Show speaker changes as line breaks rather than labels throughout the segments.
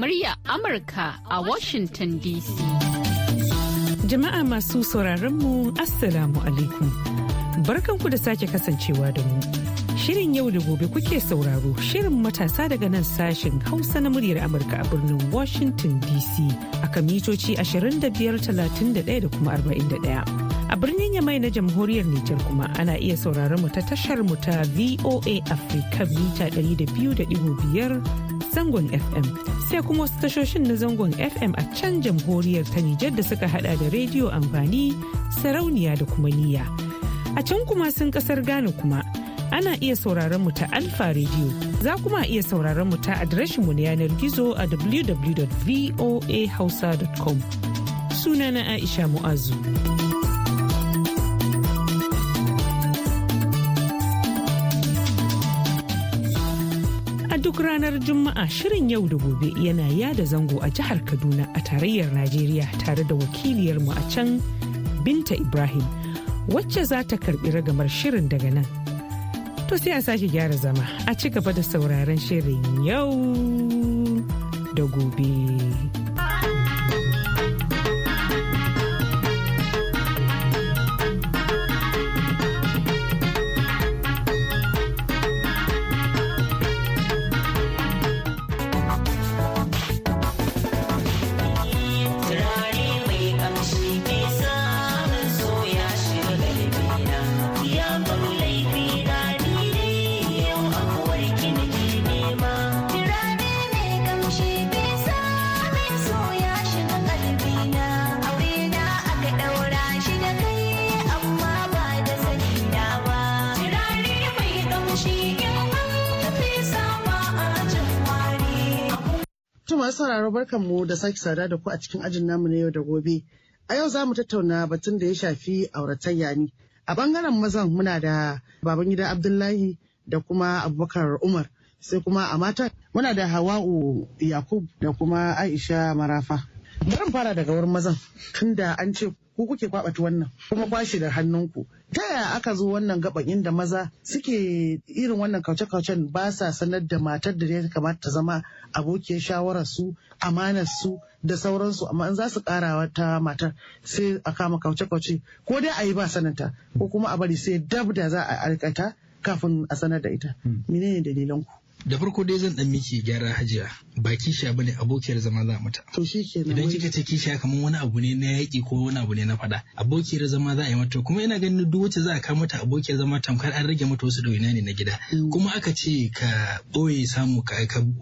murya Amurka
a Washington DC.
Jama'a masu sauraron mu Assalamu alaikum. Barkanku da sake kasancewa da mu. Shirin yau da gobe kuke sauraro shirin matasa daga nan sashen Hausa na muryar Amurka a birnin Washington DC a kamitoci 25,31 da kuma 41. A birnin Yamai na jamhuriyar Nijar kuma ana iya sauraron mu ta tashar mu ta VOA Africa mita 200.5 zangon FM. Sai kuma wasu tashoshin na zangon FM a can jamhuriyar ta Nijar da suka hada da rediyo amfani, sarauniya da kuma niyya. A can kuma sun kasar Ghana kuma ana iya sauraron mu ta Alfa rediyo Za kuma iya sauraron mu ta adireshin mu na yanar gizo a www.voahausa.com. Sunana Aisha Mu'azu. Duk ranar Juma'a shirin yau da gobe yana yada zango a jihar Kaduna a tarayyar Najeriya tare da wakiliyarmu a can Binta Ibrahim wacce za ta karbi ragamar shirin daga nan. To sai a sake gyara zama a ci gaba da sauraron shirin yau da gobe.
masu sauraro barkanmu da sake sada da ku a cikin ajin namu na yau da gobe. A yau za mu tattauna batun da ya shafi auratayya ne. A bangaren mazan muna da Babangida Abdullahi da kuma Abubakar Umar. Sai kuma a matan muna da Hawa'u Yakub da kuma Aisha Marafa. bari fara daga wurin mazan tunda an ce ku kuke kwabata wannan kuma kwashi da hannunku ta yaya aka zo wannan gaban inda maza suke irin wannan kauce-kaucen ba sa sanar da matar da ya kamata ta zama abokiyar shawarar su amanar su da sauransu amma in za su kara wata matar sai a kama kauce-kauce ko dai a yi ba sananta ko kuma a bari sai dab da za a aikata kafin a sanar da ita hmm. menene dalilanku
da farko dai zan dan miki gyara hajiya ba kisha bane abokiyar zama za mata idan kika ce kisha kamar wani abu ne na yaki ko wani abu ne na fada abokiyar zama za a yi mata kuma ina ganin duk wacce za a kawo mata abokiyar zama tamkar an rage mata wasu dawaina ne na gida mm. kuma aka ce ka boye samu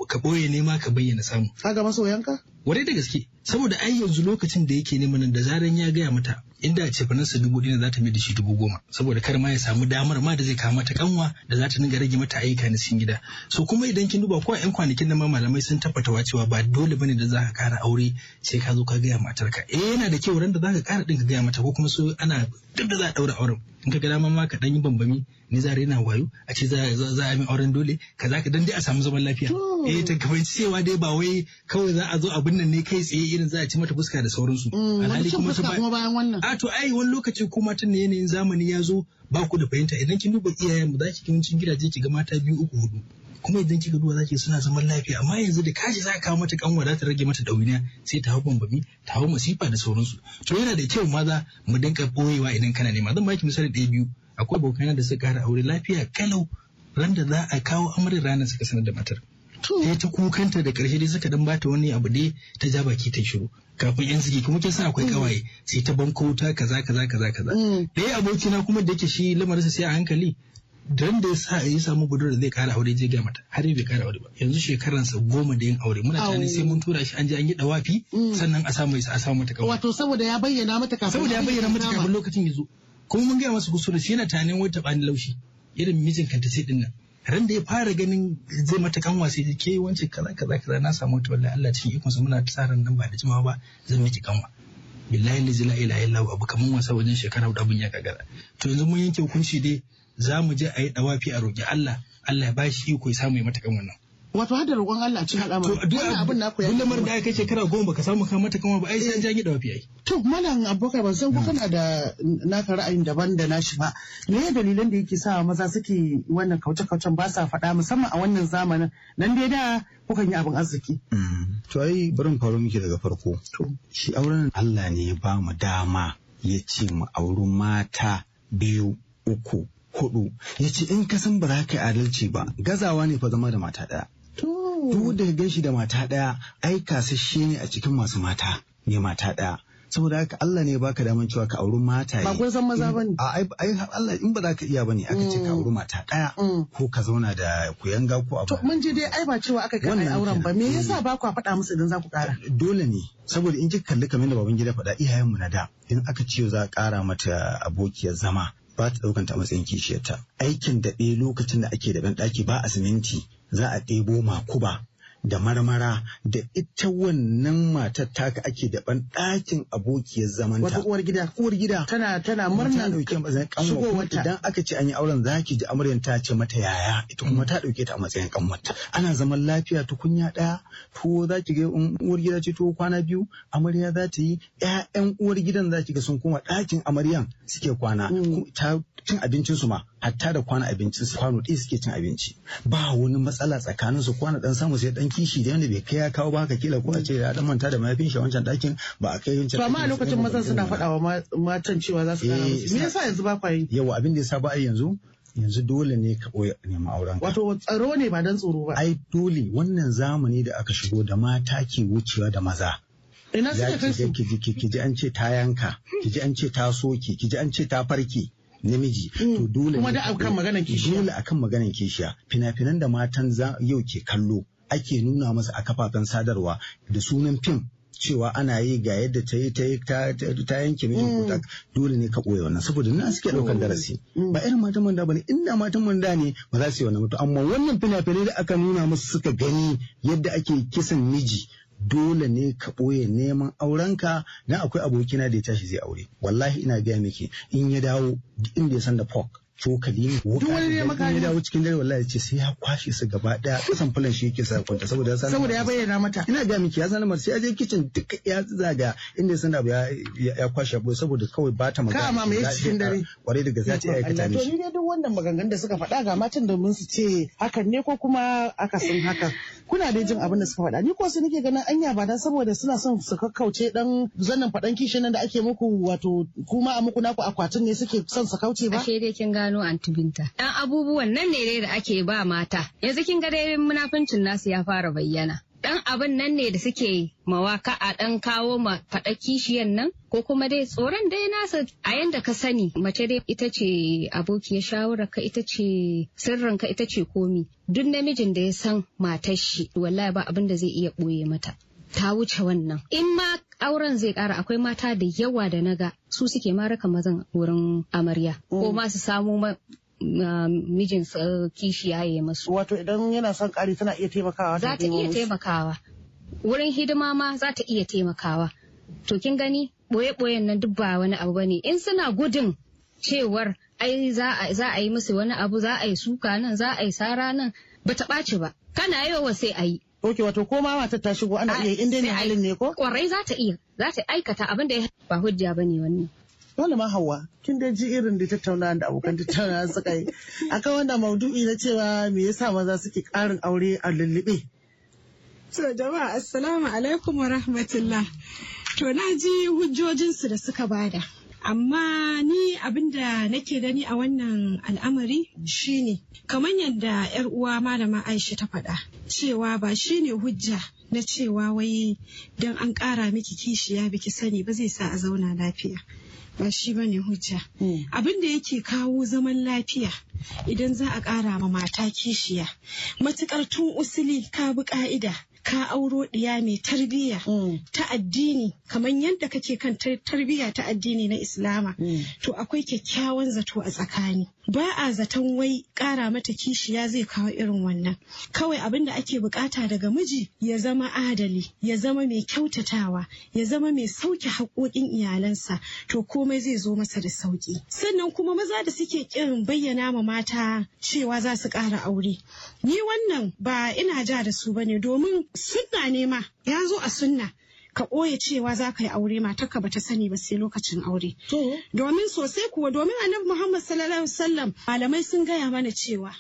ka boye nema ka bayyana samu kaga masoyanka wadai da gaske saboda ai yanzu lokacin da yake neman da zaran ya gaya mata inda ce faransa dubu ɗaya za ta mai da shi dubu goma saboda kar ma ya samu damar ma da zai kama ta kanwa da za ta dinga rage mata ayyuka na cikin gida so kuma idan kin duba ko yan kwanakin nan ma malamai sun tabbatawa cewa ba dole bane da za ka kara aure sai ka zo ka gaya matarka eh yana da kyau ran da za ka kara din ka gaya mata ko kuma so ana duk da za a daura auren in ka ga dama ma ka yi bambami ni zare na wayo a ce za a yi auren dole Ka za ka dan dai a samu zaman lafiya eh ta fahimci cewa dai ba wai kawai za a zo abin nan ne kai tsaye irin za a ci mata fuska da sauransu mm, alhali kuma ta
bayan wannan a
to ai wani lokaci ko matan ne yanayin zamani ya zo ba ku da fahimta idan kin duba iyayen mu za ki kin gidaje ki ga mata biyu uku hudu kuma idan kika duba zaki suna zaman lafiya amma yanzu da kashi za kawo mata kanwa za ta rage mata dauniya sai ta hau bambami ta hau masifa da sauransu to yana da kyau maza mu dinka boyewa idan kana nema zan baki misali ɗaya biyu akwai abokan da suka kara aure lafiya kalau ran da za a kawo amarin ranar suka sanar da matar sai ta kukanta da karshe dai suka dan bata wani abu dai ta ja baki ta shiru kafin yan siki kuma kin san akwai kawaye mm. sai ta banko ta kaza kaza kaza kaza dai mm. abokina kuma da yake shi sa sai a hankali don da ya yasa ya samu budurwa zai kara aure je ga mata har bai kara aure ba yanzu shekaransa goma da yin aure muna tani sai mun tura shi an je an yi dawafi mm. sannan a samu a samu mata kawai
wato saboda ya bayyana mata kafin saboda ya bayyana mata kafin
lokacin ya zo kuma mun gaya masa kusuri shi yana tunanin taɓa ni laushi irin mijin kanta sai dinnan ran da ya fara ganin zai mata kanwa sai ke wance kaza kaza kaza na samu wata wallahi Allah cikin ikonsa muna tsara nan ba da jimawa ba zan miki kanwa billahi la ilaha illa abu kaman wasa wajen shekara hudu abun ya kagara to yanzu mun yanke hukunci dai za mu je a yi dawafi a roƙi Allah Allah ya ba shi iko ya samu ya mata kan wannan
wato har da roƙon Allah cikin al'amari wannan abin ku ya lamar da aka shekara goma baka samu
ka mata kan ba ai sai an jagi dawafi ai
to malam abokai ban san ko kana da naka ra'ayin daban da nashi ba me ya dalilan da yake sa maza suke wannan kauce kaucen ba sa faɗa musamman a wannan zamanin nan dai da kukan yi abin arziki
mm. to ai barin faro miki daga farko shi auren Allah ne ya ba mu dama ya ce mu auri mata biyu uku hudu ya ce in ka san ba za ka adalci ba gazawa ne fa zama da mata ɗaya. Duk da ka gan shi da mata ɗaya ai kasashe ne a cikin masu mata ne mata ɗaya. saboda haka Allah ne baka daman cewa ka auri mata ba kun san maza bane a ai Allah in ba za ka iya bane aka ce ka auri mm. mata daya mm. ko ka zauna da yanga ko abu to
mun je dai ai ba cewa aka kai auren ba me yasa mm. ba ku faɗa musu idan za ku ƙara
eh, dole ne saboda in ji kalli kamar da baban gida faɗa iyayen mu na da in aka ce za a ƙara mata abokiyar zama ba ta ɗaukan ta matsayin kishiyarta aikin daɓe lokacin da ake da banɗaki ɗaki ba a siminti za a ɗebo makuba da marmara da ita wannan matar taka ake da ban ɗakin abokiyar zaman ta.
Wata gida. gida. Tana tana murna
wata. Idan aka ce an yi auren zaki ji amaryan ta ce mata yaya ita kuma ta ɗauke ta a matsayin kanwarta. Ana zaman lafiya tukunya ɗaya tuwo za ki ga uwar gida ce tuwo kwana biyu amarya za ta yi ƴaƴan uwar gidan za ki ga sun koma ɗakin amaryan suke kwana. Mm. Ta cin abincin su ma. hatta da kwana abincin su kwano ɗaya suke cin abinci ba wani matsala tsakanin su kwana ɗan samu sai ɗan kishi da yadda bai kai ya kawo ba haka kila ko a ce ya dan manta da mayafin shi a wancan ɗakin ba a kai wancan. to ba a lokacin mazan suna faɗawa matan cewa za su kara eh, musu me yasa yanzu ba kwa yi. yawa abin da ya sa ba a yanzu yanzu dole ne ka ɓoye neman auren wato tsaro ne ba dan tsoro ba ai dole wannan zamani da aka shigo da mata ke wucewa da maza ina suka kai su ki ji an ce ta yanka ki ji an ce ta soke ki ji an ce ta farke namiji to mm. dole kuma da akan maganan kishiya dole akan maganan kishiya fina-finan da matan yau ke kallo ake nuna masa a kafafen sadarwa da sunan fim cewa ana yi ga yadda ta yi ta yanke mijin mm. kuta dole ne ka ɓoye wannan saboda na suke ɗaukar mm. darasi ba irin matan manda ba ne inda matan manda ne ba za su yi wannan mutu amma wannan fina-finai da aka nuna musu suka gani yadda ake kisan miji dole ne ka ɓoye neman aurenka na akwai abokina da ya tashi zai aure wallahi ina gaya miki in ya dawo inda ya san da pork cokali ne duk wani ne maka ya dawo cikin dare wallahi ce sai ya kwashe su gaba daya kasan fulan shi yake sa kwanta saboda ya saboda ya bayyana mata ina gaya miki ya san mar sai ya je kitchen duka ya zaga inda ya san da ya kwashe abu saboda kawai ba ta magana kama mai cikin dare kwarai da gaskiya ce aikata ne to ni
dai duk wannan maganganun da suka faɗa ga matan domin su ce hakan ne ko kuma akasin hakan kuna dai jin abin da suka faɗa ni ko sai nake ganin anya ba dan saboda suna son su kakkauce dan zannan faɗan kishin nan da ake muku wato kuma a muku naku akwatin ne suke son su kauce ba ashe
dai kin gano anti binta dan abubuwan nan ne dai da ake ba mata yanzu kin ga dai munafincin nasu ya fara bayyana dan abin nan ne da suke mawaka a dan kawo ma faɗa kishiyan nan ko kuma dai tsoron dai nasa a yanda ka sani mace dai ita ce abokiyar shawarar ka ita ce sirrin ka ita ce komi duk namijin da ya san matar shi wallahi ba abin da zai iya ɓoye mata ta wuce wannan in ma auren zai kara akwai mata da yawa da naga su suke maraka mazan wurin amarya ko ma su samu mijin kishiya ya yi masu. Wato idan yana
son kari tana iya taimakawa. Za ta iya
taimakawa. Wurin hidima ma za ta iya taimakawa. To kin gani ɓoye-ɓoyen nan duk ba wani abu bane in suna gudun cewar ai za a yi musu wani abu za a yi suka nan za a yi sara nan ba ta ɓaci ba kana yi wa sai a yi. Ok wato ko ma matar ta shigo ana iya in dai ne halin ne ko? Kwarai za ta iya za ta aikata abin da ya
ba hujja ne wannan. malama hawa kin dai ji irin da tattauna da abokan tattaunawa suka yi akan wannan maudu'i na cewa me yasa maza suke karin aure a lullube
to jama'a assalamu alaikum wa rahmatullah to na ji hujjojinsu da suka bada amma ni abinda nake gani a wannan al'amari shine kamar yadda 'yar uwa malama aisha ta faɗa cewa ba shine hujja na cewa wai don an ƙara miki kishiya biki sani ba zai sa a zauna lafiya ba shi ba ne hujja hmm. abin da yake kawo zaman lafiya idan za a ƙara ma mata kishiya matuƙar tun usuli ka bi ƙa'ida ka auro ɗiya mai tarbiyya mm. ta addini kamar yadda kake kan tarbiyya ta addini na islama mm. to akwai kyakkyawan zato a tsakani ba a zaton wai ƙara mata kishiya zai kawo irin wannan kawai abin da ake bukata daga miji ya zama adali ya zama mai kyautatawa ya zama mai sauke haƙoƙin iyalansa to komai zai zo masa da sauƙi sannan kuma maza da suke ƙin bayyana ma mata cewa za su ƙara aure ni wannan ba ina ja da su bane domin sunna ne ma ya zo a sunna ka ɓoye cewa za ka yi aure matarka ba ta sani ba sai lokacin aure. Domin sosai kuwa domin annabi Muhammad sallallahu alaihi wasallam malamai sun gaya mana cewa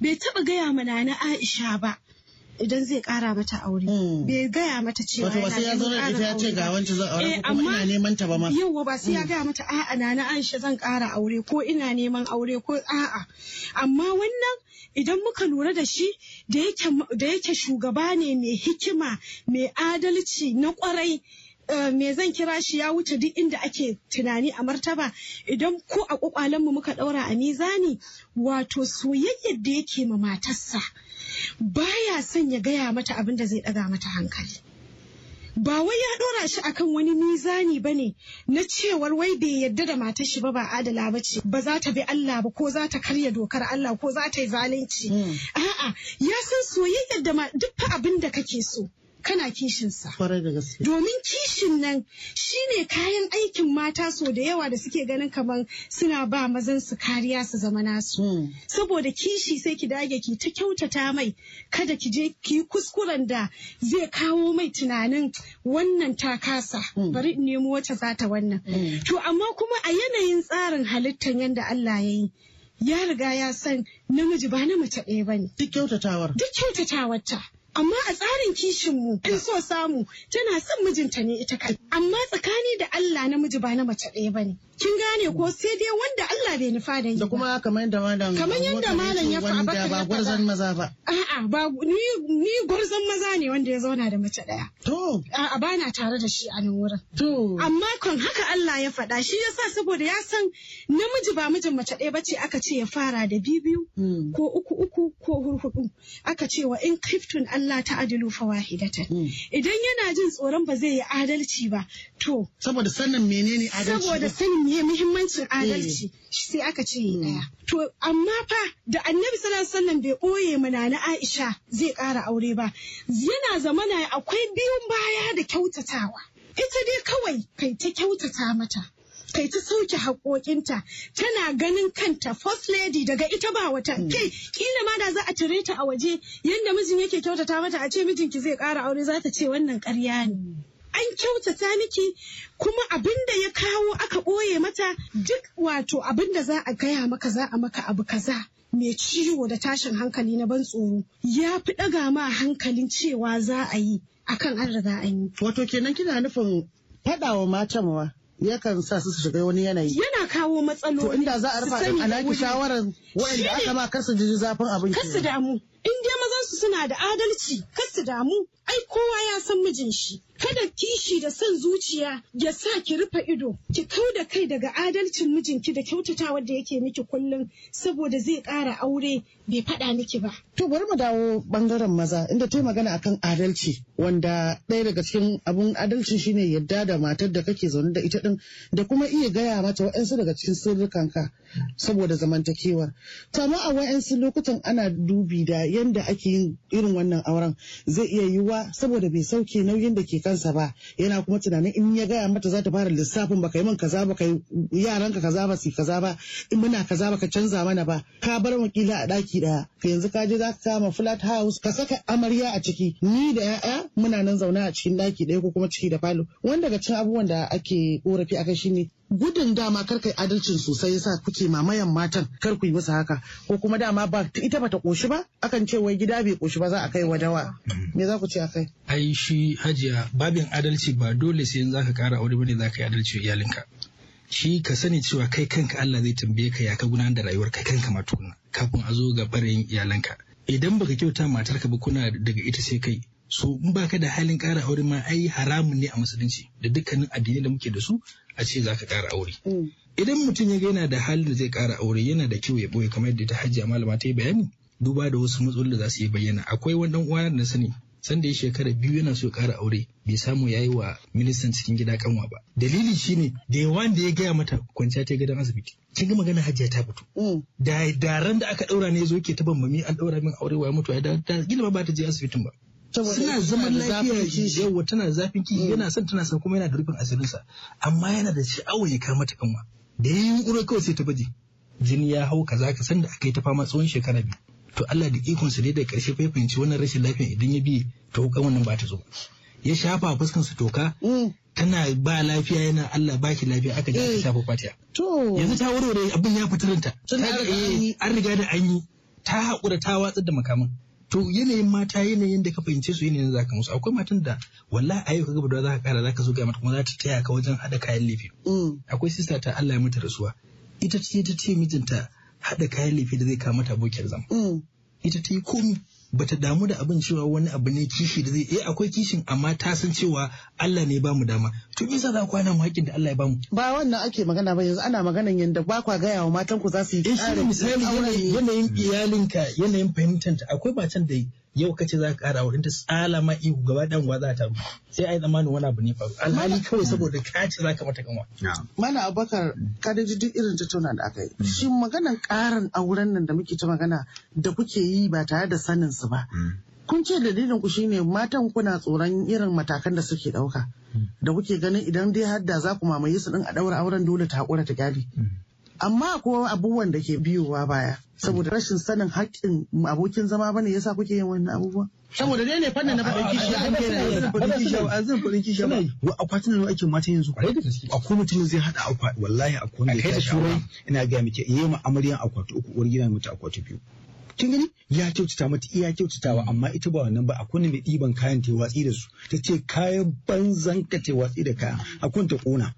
bai taɓa gaya mana na Aisha ba idan zai kara mata aure hmm. bai gaya mata cewa wato ba sai ya zo da ita ya ce ga wancan zan aure eh, ko kuma ina
neman ta ba ma yawa ba sai ya hmm.
gaya mata a'a na na Aisha zan kara aure ko ina neman aure ko a'a amma wannan idan muka lura da shi da yake shugaba ne mai hikima mai adalci na kwarai Eh, me zan kira shi ya wuce duk inda ake tunani a martaba idan ko a kwakwalenmu muka ɗaura a mizani wato soyayyar da yake ma matarsa baya son ya gaya mata abin da zai ɗaga mata hankali ba wai ya dora shi akan wani mizani ba ne na cewar wai bai yadda da matar shi ba ba adala ba ce ba za ta bi Allah ba ko za ta karya dokar Allah ko za ta yi zalunci hmm. a'a ya san soyayyar da duk abin da kake so kana kishinsa. Kwarai da gaske. Domin kishin nan shi ne kayan aikin mata so da yawa da suke ganin kamar suna ba mazan su kariya su zama nasu. Hmm. Saboda kishi sai ki dage ki ta kyautata mai kada ki je ki kuskuren da zai kawo mai tunanin wannan ta kasa hmm. bari in nemo wacce za ta wannan. Hmm. To amma kuma a yanayin tsarin halittar yadda Allah ya yi. Ya riga ya san namiji ba na mace ɗaya ba ne. Duk kyautatawar. Duk kyautatawar ta. amma a tsarin kishinmu in so samu tana son mijinta ne ita kai amma tsakani da Allah namiji ba na mace ɗaya bane kin gane ko sai dai wanda Allah bai nufa da yi da kuma kamar yadda malam kamar yadda malam ya faɗa ba gwarzan maza ba a'a ba ni ni maza ne wanda ya zauna da mace ɗaya. to a'a na tare da shi a nan wurin to amma kan haka Allah ya faɗa shi ya sa saboda ya san namiji ba mijin mace ɗaya ba ce aka ce ya fara da biyu biyu hmm. ko uku uku ko huɗu aka ce wa in kiftun Allah ta adilu fawahidatan hmm. idan yana jin tsoron ba zai yi adalci ba to saboda sanin menene adalci saboda sanin ne muhimmancin eh. adalci sai aka ce ɗaya. Mm. To amma fa da annabi sallallahu alaihi bai ɓoye mana na Aisha zai ƙara aure ba. Yana zamana akwai biyun baya da kyautatawa. Ita dai kawai kai ta kyautata mata. kai ta sauke haƙoƙinta tana ganin kanta first lady daga ita ba wata mm. ke kila ma da za a cire ta a waje yadda mijin yake kyautata mata a ce mijinki zai ƙara aure za ta ce wannan ƙarya ne mm. an kyautata miki kuma abin da ya kawo aka ɓoye mata duk wato abin da za a gaya maka za a maka abu kaza. mai ciwo da tashin hankali na ban tsoro ya fi ɗaga ma hankalin cewa za a yi akan an riga an yi. Wato kenan kina nufin
faɗawa matan wa yakan sa su su shiga wani yanayi.
Yana kawo matsaloli. To inda za a rufa alaki shawarar waɗanda aka
ma kar su ji zafin abin. Kar su
damu.
In dai mazan su
suna da adalci kar su damu. Ai kowa ya san mijin shi. kada kishi da son zuciya ya sa ki rufe ido ki kau da kai daga adalcin mijinki da kyautatawar da yake miki kullum saboda zai ƙara aure bai faɗa miki ba. To bari mu dawo
bangaren maza inda ta magana akan adalci wanda ɗaya daga cikin abun adalci shine yadda da matar da kake zaune da ita ɗin da kuma iya gaya mata waɗansu daga cikin sirrikanka saboda zamantakewar. To amma a wayansu lokutan ana dubi da yadda ake yin irin wannan auren zai iya yiwuwa saboda bai sauke nauyin da ke kansa ba yana kuma tunanin in ya gaya mata za ta fara lissafin baka yi min kaza baka yi yaran ka kaza ba su kaza ba in muna kaza baka canza mana ba ka bar wakila a ɗaki ɗaya yanzu ka je za ka kama flat house ka saka amarya a ciki ni da ya'ya muna nan zaune a cikin ɗaki ɗaya ko kuma ciki da falo wani daga cin abubuwan da ake korafi shi ne. gudun dama kar kai adalcin sosai yasa kuke mamayan matan kar ku yi musu haka ko kuma dama ba ita bata koshi ba akan ce wai gida bai koshi ba za a kai wa dawa me za ku ce akai
ai shi hajiya babin adalci ba dole sai in zaka kara aure bane zaka yi adalci iyalinka shi ka sani cewa kai kanka Allah zai tambaye ka ya ka gudanar da rayuwar kai kanka ma tuna kafin a zo ga barin iyalanka idan baka kyauta matarka ba kuna daga ita sai kai so in baka da halin kara aure ma ai haramun ne a musulunci da dukkanin addinai da muke da su a ce za ka ƙara aure. Mm. Idan mutum ya ga yana da halin da zai ƙara aure yana da kyau ya ɓoye kamar yadda ta hajjiya malama ta yi bayani duba da wasu matsaloli da za su yi bayyana akwai wani ɗan uwa da sani sanda ya shekara biyu yana so ya ƙara aure bai samu ya yi wa ministan cikin gida kanwa ba dalili shine da yawan da ya gaya mata kwanciya ta gidan asibiti kin ga magana hajjiya ta fito mm. da ran da aka ɗaura ne zo ke ta bambami an daura min aure wa mutu ya da gina ba ta je asibitin ba suna zaman lafiyar kishi yawa tana zafin kiki mm. yana son tana son kuma yana da rufin asirinsa amma yana da sha'awar ya kama ta kanwa da yi yunkuri kawai sai ta baje jini ya hau kaza ka san da aka yi ta fama tsawon shekara biyu to Allah da ikon sa ne da karshe fa fahimci wannan rashin lafiyar idan ya bi ta hukan wannan ba ta zo ya shafa fuskan su toka mm. tana ba lafiya yana Allah ba ki lafiya aka ji aka eh. shafa fatiya yanzu ta wuri abin ya fitarinta eh, an riga da an yi ta haƙura ta watsar da makaman to yanayin mata yanayin da ka fahimce su yanayin za ka musu akwai matan da wallahi yau ka gaba da za ka kara za ka zo ga mata kuma za ta taya ka wajen hada kayan lefe mm. akwai sista ta Allah ya mata rasuwa ita ce ta ce mijinta hada kayan lefe da zai kawo mata abokiyar zama mm. ita ta yi komi bata damu da abin cewa wani abu ne kishi da zai eh akwai kishin amma ta san cewa Allah ne ba mu dama to me yasa za ku kwana mu hakkin da Allah ya ba mu.
ba wannan ake magana ba yanzu ana maganan yanda ba kwa gaya wa matan ku za su yi eh, misali yanayin
iyalinka yanayin fahimtanta akwai batan da yau kace za ka kara auren ta tsala ma ihu gaba dan uwa za ta sai ai zamanin wani abu ne fa alhali kawai saboda kace za ka mata kanwa
mana abakar ka da duk irin tattauna da aka yi mm. shi maganan ƙarin auren nan da muke ta magana da kuke yi ba tare da sanin su ba mm. kun ce dalilin ku shine matan kuna tsoron irin matakan da suke dauka mm. da kuke ganin idan dai hadda za ku mamaye su din a daura auren dole ta hakura ta gyale amma ko abubuwan da ke biyowa baya saboda rashin sanin haƙƙin abokin zama bane yasa kuke yin wannan abubuwa
saboda dai ne fannin na faɗin kishi an ke faɗin kishi a zan faɗin kishi ba wa akwatin nan ake mata yanzu kwarai da gaske akwai mutum zai hada akwati wallahi akwai wanda ya shura ina ga miki yayi ma amaryan akwati uku uwar gidan mata akwati biyu kin gani ya kyautata mata iya kyautatawa amma ita ba wannan ba akwai mai ɗiban kayan ta watsi da su ta ce kayan banzan ka ta watsi da kayan akwai ta kona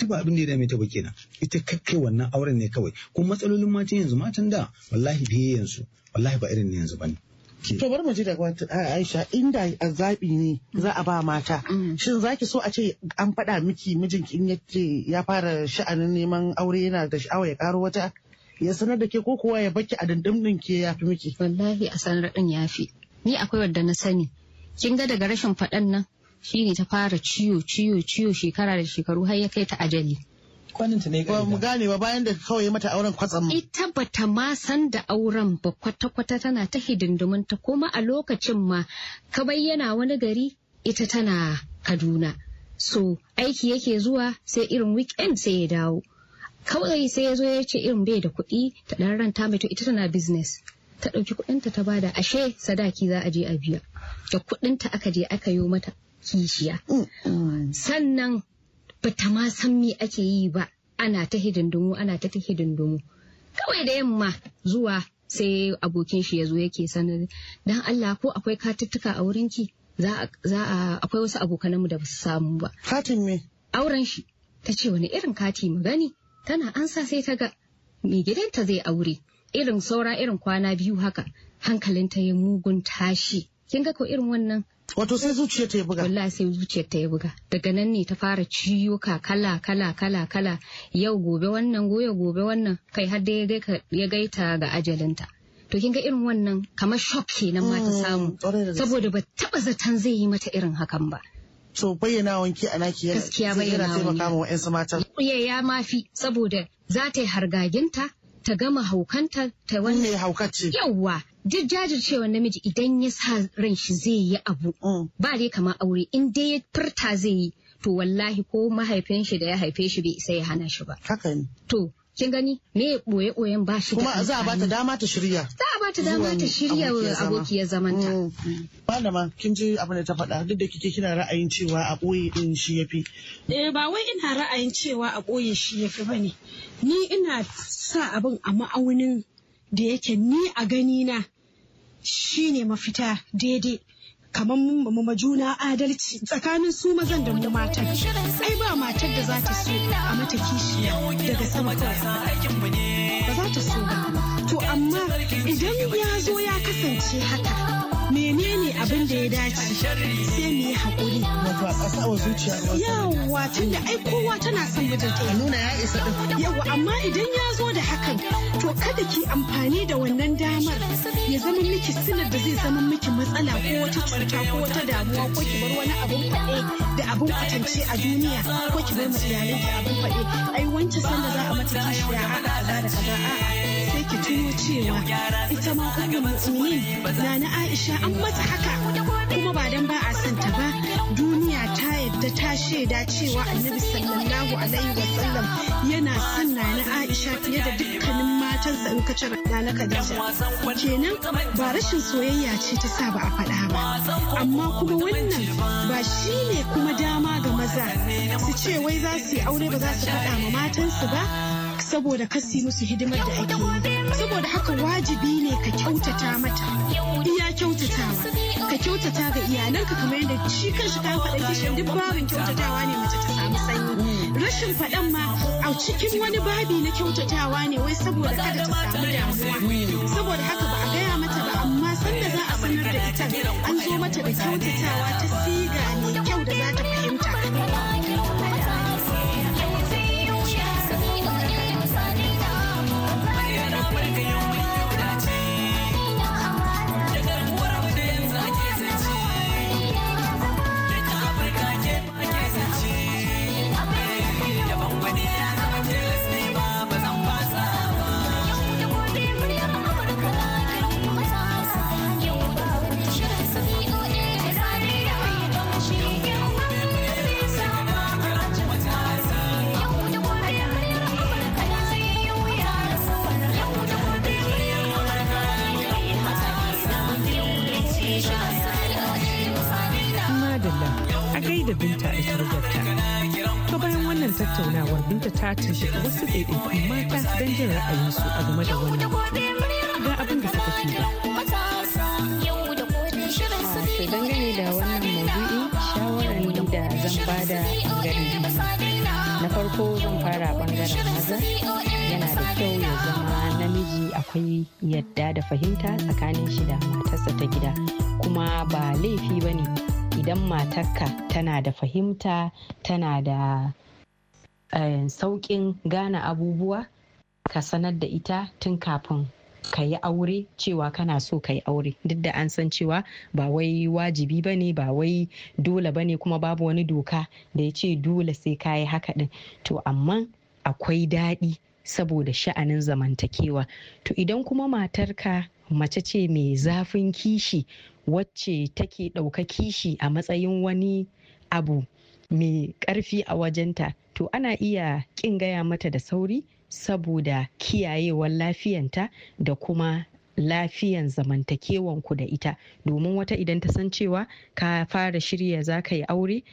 ita ba abin da ya dame ta ba kenan ita kakkai wannan auren ne kawai kuma matsalolin matan yanzu matan da wallahi biye yanzu wallahi ba irin ne yanzu bane To
bari mu ji daga Aisha inda a zaɓi ne za a ba mata. Mm. Shin za ki so a ce an faɗa miki mijinki in yace ya fara sha'anin neman aure yana da sha'awa ya ƙaro wata ya sanar da ke ko kuwa ya baki a dindindin ke ya fi miki. Wallahi a sanar ɗin ya fi. Ni
akwai wadda na sani. Kin ga daga rashin faɗan nan Shi ne ta fara ciwo ciwo ciwo shekara da shekaru har ya kai ta ajali kwaninta
ne ga mu gane ba bayan da kawai mata auren kwatsam
ita bata ma san da auren ba kwata kwata tana ta hidindimin ta kuma a lokacin ma ka bayyana wani gari ita tana Kaduna so aiki yake zuwa sai irin weekend sai ya dawo kawai sai ya zo ya ce irin bai da kuɗi ta ɗan ranta mai to ita tana business ta ɗauki kuɗinta ta bada ashe sadaki za a je a biya da kuɗinta aka je aka yo mata kishiya mm, mm. sannan ba ta ma san me ake yi ba ana ta hidindumu ana ta ta kawai da yamma zuwa sai abokin shi ya zo yake sanar dan Allah ko akwai katuttuka a wurin ki za a akwai wasu mu da basu samu ba katin me auren shi ta ce wani irin kati mu gani tana ansa sai ta ga me gidanta zai aure irin saura irin kwana biyu haka hankalinta ya mugun tashi kin ga ko irin wannan Wato sai zuciyar ta ya buga. Wallah sai zuciyar ta ya buga. Daga nan ne ta fara ciyuka kala kala kala kala yau gobe wannan goya gobe wannan kai har da ya gaita ga ajalinta. To kin ga irin wannan kamar shock kenan ma ta mm, samu. Saboda ba taba zaton zai yi mata irin hakan ba.
To bayyana wanki a naki
yana taimaka
ma wa'yansu matan.
Ya ma fi saboda za ta yi hargaginta ta gama haukanta ta wannan yawwa duk jajircewa namiji idan ya sa ran shi zai yi abu mm. ba dai kama aure in dai ya furta zai yi to wallahi ko mahaifin shi da ya haife shi bai isa ya hana shi ba haka ne to kin gani me boye boyen ba shi kuma za a bata
dama ta shirya za a bata dama ta shirya abokiyar zamanta mm. Mm. malama kin ji abin da ta faɗa duk da kike kina ra'ayin cewa a boye din shi yafi
eh ba wai ina ra'ayin cewa a boye shi yafi bane ni ina sa abin a ma'aunin da yake ni a ganina shi ne mafita daidai kamar mu ma juna adalci tsakanin su mazan da mu matan ai ba matar da za ta so a mata kishiya daga sama ba za ta so ba to amma idan ya zo ya kasance haka menene abin da ya dace sai mu yi hakuri? Wato a ƙasa wa zuciya ne. tunda ai kowa tana son mijinta ya nuna ya isa din yawa amma idan ya zo da hakan to kada ki amfani da wannan damar ya zama miki silar da zai zama miki matsala ko wata cuta ko wata damuwa ko ki bar wani abin faɗe da abin kwatance a duniya ko ki bar mu iyalanki abin faɗe ai wancan sanda za a mata kishiya a kaza da kaza a'a. tuno cewa ita ma ummul mu'minin na Aisha an mata haka kuma ba dan ba a son ta ba duniya ta yadda ta shaida cewa Annabi sallallahu alaihi wa sallam yana son na Aisha fiye da dukkanin matansa in ka cire na Khadija kenan ba rashin soyayya ce ta sa ba a faɗa ba amma kuma wannan ba shi ne kuma dama ga maza su ce wai za su yi aure ba za su faɗa ma matansu ba saboda kasi musu hidimar da ake yi saboda haka wajibi ne ka kyautata mata iya kyautatawa ka kyautata ga iyalanka kamar yadda shi kanshi ta faɗa kishin duk babin kyautatawa ne mace ta samu sanyi rashin faɗan ma a cikin wani babi na kyautatawa ne wai saboda kada ta samu damuwa saboda haka ba a gaya mata ba amma sanda za a sanar da ita an zo mata da kyautatawa ta siga ne kyau da za ta fahimta
gaba da
na farko zan fara ɓangaren maza yana da kyau ya zama namiji akwai yadda da fahimta tsakanin shi da matarsa ta gida kuma ba laifi ba ne idan matarka tana da fahimta tana da eh, sauƙin gane abubuwa ka sanar da ita tun kafin ka yi aure cewa kana so ka yi aure duk da an san cewa ba wai wajibi ba ne ba wai dole ba ne kuma babu wani doka da ya ce dole sai ka yi haka din to amma akwai daɗi saboda sha'anin zamantakewa to idan kuma matarka mace ce mai zafin kishi wacce take ɗauka kishi a matsayin wani abu mai ƙarfi a wajenta to ana iya ƙin gaya mata da sauri saboda kiyayewar lafiyanta da kuma lafiyan zamantakewanku da ita domin wata idan ta san cewa ka fara shirya za ka yi aure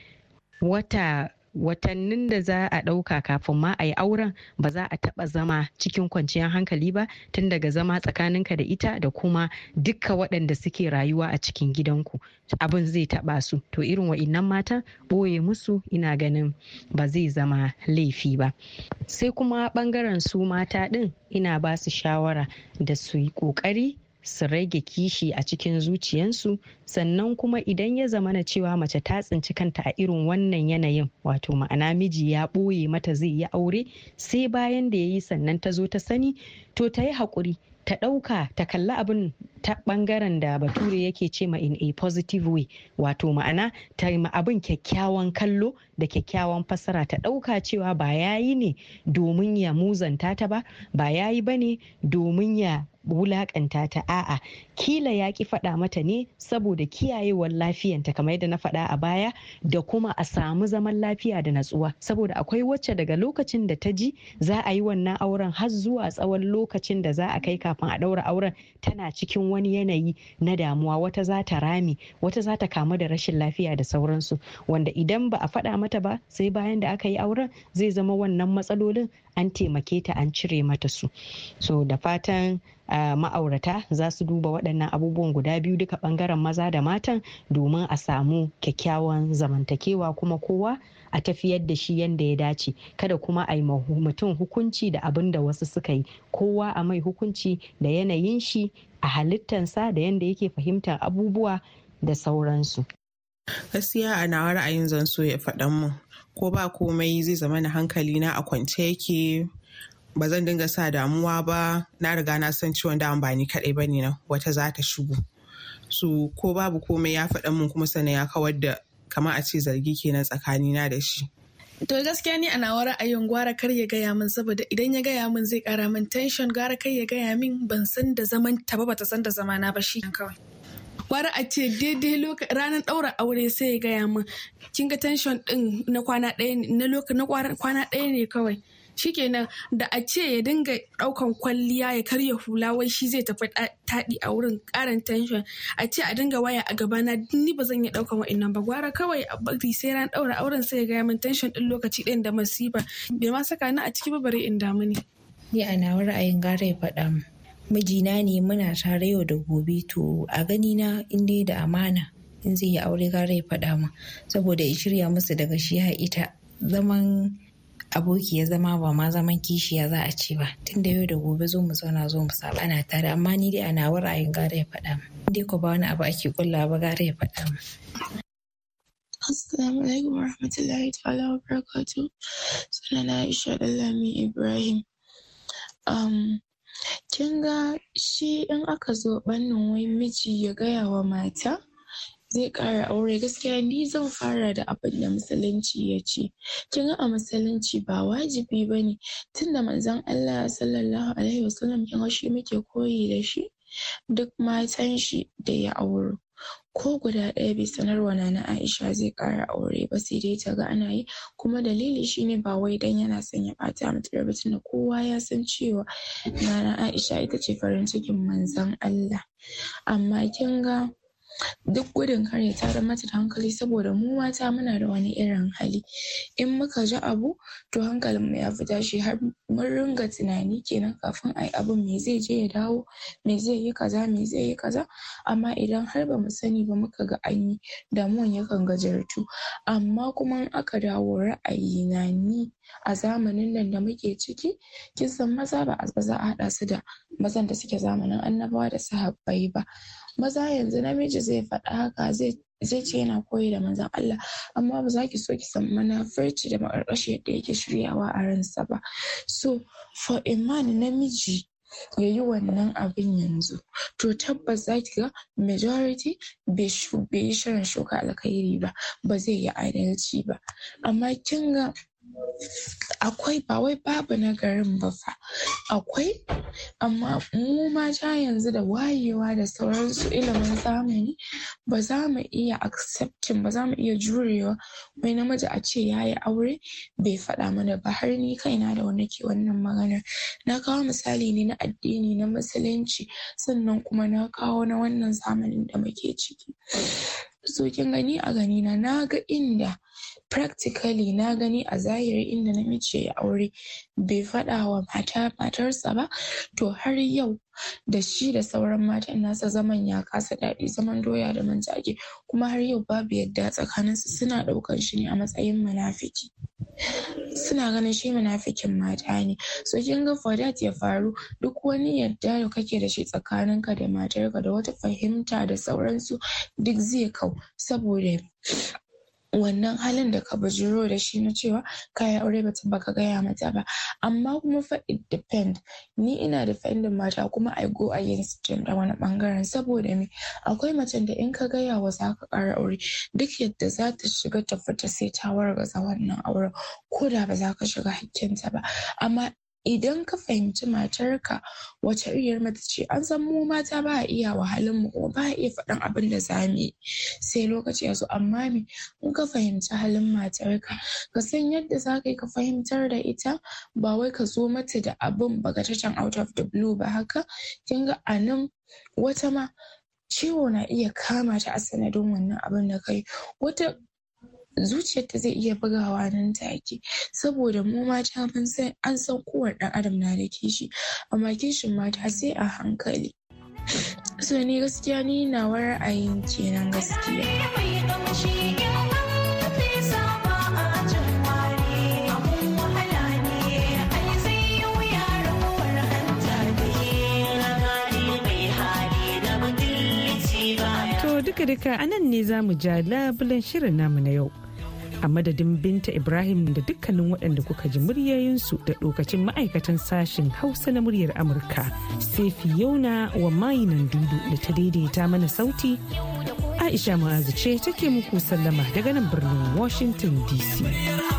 wata watannin da za a ɗauka kafin ma a yi auren ba za a taɓa zama cikin kwanciyar hankali ba tun daga zama tsakaninka da ita da kuma dukka waɗanda suke rayuwa a cikin gidanku abin zai taɓa su to irin wa'innan mata. ɓoye musu ina ganin ba zai zama laifi ba sai kuma ɓangaren su mata ɗin ina ba su shawara da su yi ƙoƙari su rage kishi a cikin zuciyansu sannan kuma idan ya zamana cewa mace ta tsinci kanta a irin wannan yanayin wato ma'ana miji ya ɓoye mata zai yi aure sai bayan da ya yi sannan ta zo ta sani to ta yi haƙuri ta ɗauka ta kalli abin ta ɓangaren da bature yake ce ma in a positive way wato ma'ana ta yi abin kyakkyawan kallo da kyakkyawan fasara ta ɗauka cewa ba yayi ne domin ya muzanta ta ba ba yayi ba ne domin ya wulakanta ta a'a kila ya ki faɗa mata ne saboda kiyayewar lafiyanta kamar yadda na faɗa a baya da kuma a samu zaman lafiya da natsuwa saboda akwai wacce daga lokacin da ta ji za a yi wannan auren har zuwa tsawon lokacin da za a kai kafin a ɗaura auren tana cikin wani yanayi na damuwa wata za ta rami, wata za ta kamu da rashin lafiya da sauransu wanda idan ba a faɗa mata ba sai bayan da aka yi auren zai zama wannan matsalolin an taimake ta an cire mata su so da fatan ma'aurata za su duba waɗannan abubuwan guda biyu duka ɓangaren maza da matan domin a samu kyakkyawan zamantakewa kuma kowa a tafiyar da shi yadda ya dace kada kuma a yi mutum hukunci da abin da wasu suka yi kowa a mai hukunci da yanayin shi a halittansa da yadda yake fahimtar abubuwa da sauransu
gaskiya a nawa ra'ayin zan so ya faɗan mu ko ba komai zai zama na hankali na a kwance yake ba zan dinga sa damuwa ba na riga na san ciwon da ba ni kaɗai ba ne wata za ta shigo so ko babu komai ya faɗa mun kuma sana ya kawar da kama a ce zargi kenan na da shi
To gaskiya ni ana a ra'ayin gwara kar ya gaya min saboda idan ya gaya min zai kara min tension gwara kar ya gaya min ban san da zaman ta ba ta san da zamana ba shi kawai. gwara a ce daidai ranar ɗaura aure sai ya gaya min kin ga tension din na kwana ɗaya ne na kwana ɗaya ne kawai shikenan da a ce ya dinga ɗaukan kwalliya ya karya hula wai shi zai tafi taɗi a wurin ƙarin tension a ce a dinga waya a gaba na ni ba zan yi ɗaukan wa'innan ba gwara kawai a bari sai ran ɗaura auren sai ya gaya min tension ɗin lokaci ɗin da masifa bai ma saka ni a ciki ba bari in damu ne. ni a ra'ayin gara ya faɗa mu. mijina ne muna tare yau da gobe to a gani na in dai da
amana in zai yi aure gara ya faɗa ma saboda ya shirya musu daga shi ya ita zaman aboki ya zama ba ma zaman kishiya za a ce ba tun da yau da gobe zo mu zauna zo mu saba ana tare amma ni dai a nawa ra'ayin gara ya faɗa ma dai ko ba wani abu ake kulla ba
gara ya faɗa ma Assalamu alaikum wa rahmatullahi ta'ala wa barakatu. Sunana Aisha Dallami Ibrahim. Um, kin ga shi in aka zo bannin wai miji ya gaya wa mata zai ƙara aure gaskiya ni zan fara da abin da musulunci ya ce kin ga a musulunci ba wajibi ba ne tunda manzon Allah sallallahu alaihi wasallam kin ga shi muke koyi da shi duk matan shi da ya auro ko guda ɗaya bai sanarwa Nana Aisha zai ƙara aure ba sai dai ta ga ana yi kuma dalili shine ba wai dan yana son ya ɓata mata rai ba tunda kowa ya san cewa Nana Aisha ita ce farin cikin manzon Allah amma kin ga duk gudun kar ya tayar mata da hankali saboda mu mata muna da wani irin hali in muka ji abu to hankalin mu ya fi shi har mun ringa tunani kenan kafin ai abun me zai je ya dawo me zai yi kaza me zai yi kaza amma idan har ba mu sani ba muka ga an yi damuwan yakan gajartu amma kuma in aka dawo ra'ayi na ni a zamanin nan da muke ciki kin san maza ba a za a haɗa su da mazan da suke zamanin annabawa da sahabbai ba maza yanzu namiji zai faɗa haka zai ce yana koyi da mazan Allah amma ba za ki so ki san manafarci da maƙarƙashi yadda yake shiryawa a ransa ba so for a man namiji ya yi wannan abin yanzu to tabbas za ki ga majority bai yi shirin shuka alkhairi ba ba zai yi adalci ba amma kin ga akwai ba wai babu na garin ba fa akwai amma mu ma ja yanzu da wayewa da sauransu ilimin zamani ba za mu iya accepting ba za mu iya jurewa wai namiji a ce ya aure bai faɗa mana ba har ni kaina da wani ke wannan maganar na kawo misali ne na addini na musulunci sannan kuma na kawo na wannan zamanin da muke ciki so kin gani a gani na na ga inda practically na gani a zahiri inda namiji ya aure bai faɗa wa mata matarsa ba to har yau da shi da sauran matan nasa zaman ya kasa daɗi zaman doya da manja ake kuma har yau babu yadda tsakaninsu suna ɗaukan shi ne a matsayin munafiki suna ganin shi munafikin mata ne so kin ga for that ya faru duk wani yadda da kake da shi tsakaninka da matarka da wata fahimta da sauransu duk zai kau saboda wannan halin da ka bujiro da shi na cewa kaya aure ba baka gaya mata ba amma kuma fa it depend ni ina da defending mata kuma i go against them da wani bangaren saboda me akwai macen da in ka gaya wa za ka kara aure duk yadda za ta shiga ta fita sai ta wargaza wannan aure, ko da ba za ka shiga hakkinta ba amma idan ka fahimci matarka wace iyar mata ce an san mu mata ba a iya wahalin mu ba a iya faɗin abin da za mu yi sai lokaci ya zo amma me in ka fahimci halin matarka ka san yadda za ka yi ka fahimtar da ita ba wai ka zo mata da abin ba can out of the blue ba haka kin ga anan nan wata ma ciwo na iya kama ta a sanadin wannan abin da kai wata Zuciyar ta zai iya bugawa nan take saboda mu mata mun san an san kowar ɗan adam na da kishi amma kishin mata sai a hankali so ni gaskiya ni nawa ra'ayin kenan gaskiya
duka-duka a nan ne za mu ja labulen shirin namu na yau a madadin binta ibrahim da dukkanin waɗanda kuka ji muryoyinsu da ɗokacin ma'aikatan sashen hausa na muryar amurka sai fiona wa mayinan dudu da ta daidaita mana sauti aisha ma'azu ce take muku sallama daga nan birnin washington dc